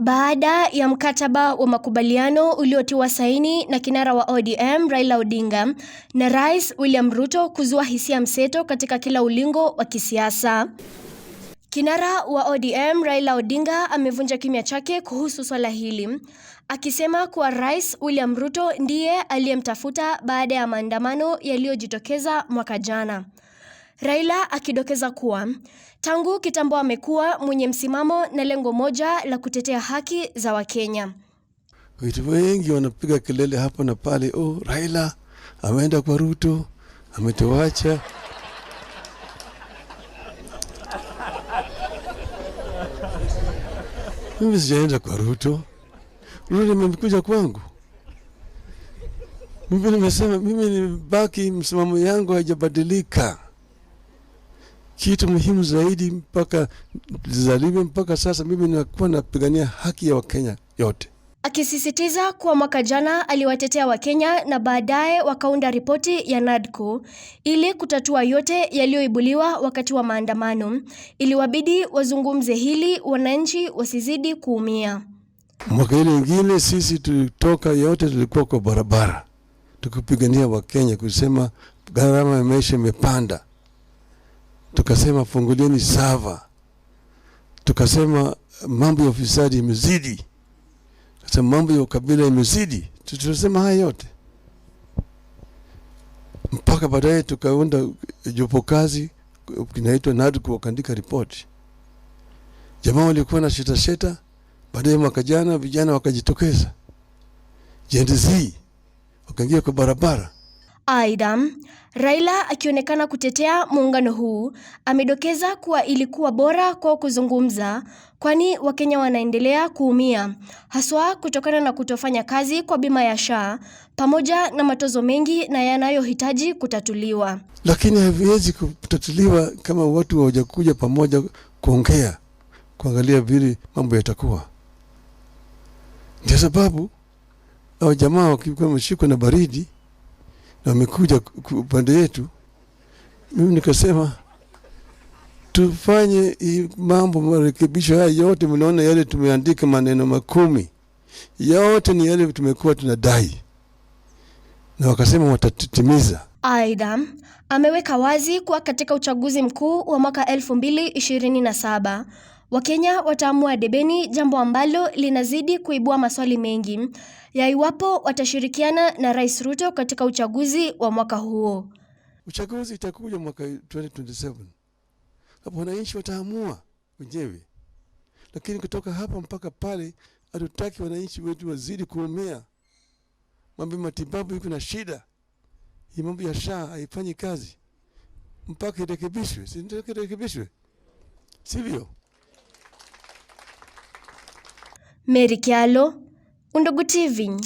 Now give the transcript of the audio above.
Baada ya mkataba wa makubaliano uliotiwa saini na kinara wa ODM Raila Odinga na Rais William Ruto kuzua hisia mseto katika kila ulingo wa kisiasa. Kinara wa ODM Raila Odinga amevunja kimya chake kuhusu swala hili, akisema kuwa Rais William Ruto ndiye aliyemtafuta baada ya maandamano yaliyojitokeza mwaka jana. Raila akidokeza kuwa tangu kitambo amekuwa mwenye msimamo na lengo moja la kutetea haki za Wakenya. Watu wengi wanapiga kelele hapo na pale, oh, Raila ameenda kwa Ruto, ametuacha. Mimi sijaenda kwa Ruto, Ruto nimekuja kwangu mimi. Nimesema mimi nibaki, msimamo yangu haijabadilika kitu muhimu zaidi mpaka zalivyo mpaka sasa, mimi nakuwa napigania haki ya Wakenya yote. Akisisitiza kuwa mwaka jana aliwatetea Wakenya na baadaye wakaunda ripoti ya NADCO ili kutatua yote yaliyoibuliwa wakati wa maandamano, iliwabidi wazungumze hili wananchi wasizidi kuumia. Mwaka ile ingine sisi tulitoka yote, tulikuwa kwa barabara tukipigania Wakenya kusema gharama ya maisha imepanda tukasema fungulieni sava, tukasema mambo ya ufisadi imezidi, tukasema mambo ya ukabila imezidi. Tulisema haya yote mpaka baadaye tukaunda jopo kazi kinaitwa NADCU wakaandika ripoti. Jamaa walikuwa na sheta sheta, baadaye mwaka jana vijana wakajitokeza, Gen Z wakaingia kwa barabara Aidha, Raila akionekana kutetea muungano huu, amedokeza kuwa ilikuwa bora kwao kuzungumza, kwani Wakenya wanaendelea kuumia haswa kutokana na kutofanya kazi kwa bima ya SHA pamoja na matozo mengi na yanayohitaji kutatuliwa, lakini haviwezi kutatuliwa kama watu hawajakuja pamoja kuongea, kuangalia vile mambo yatakuwa. Ndio sababu au jamaa wakikuwa wameshikwa na baridi na wamekuja upande yetu. Mimi nikasema tufanye mambo marekebisho haya yote. Mnaona yale tumeandika maneno makumi yote ni yale tumekuwa tunadai, na wakasema watatimiza. Aidha, ameweka wazi kuwa katika uchaguzi mkuu wa mwaka 2027 Wakenya wataamua debeni, jambo ambalo linazidi kuibua maswali mengi ya iwapo watashirikiana na Rais Ruto katika uchaguzi wa mwaka huo. Uchaguzi itakuja mwaka 2027 hapo wananchi wataamua wenyewe, lakini kutoka hapa mpaka pale hatutaki wananchi wetu wazidi kuumia. Mambo matibabu iko na shida, hii mambo ya SHA haifanyi kazi mpaka irekebishwe, si irekebishwe, sivyo? Mary Kyallo, Undugu TV.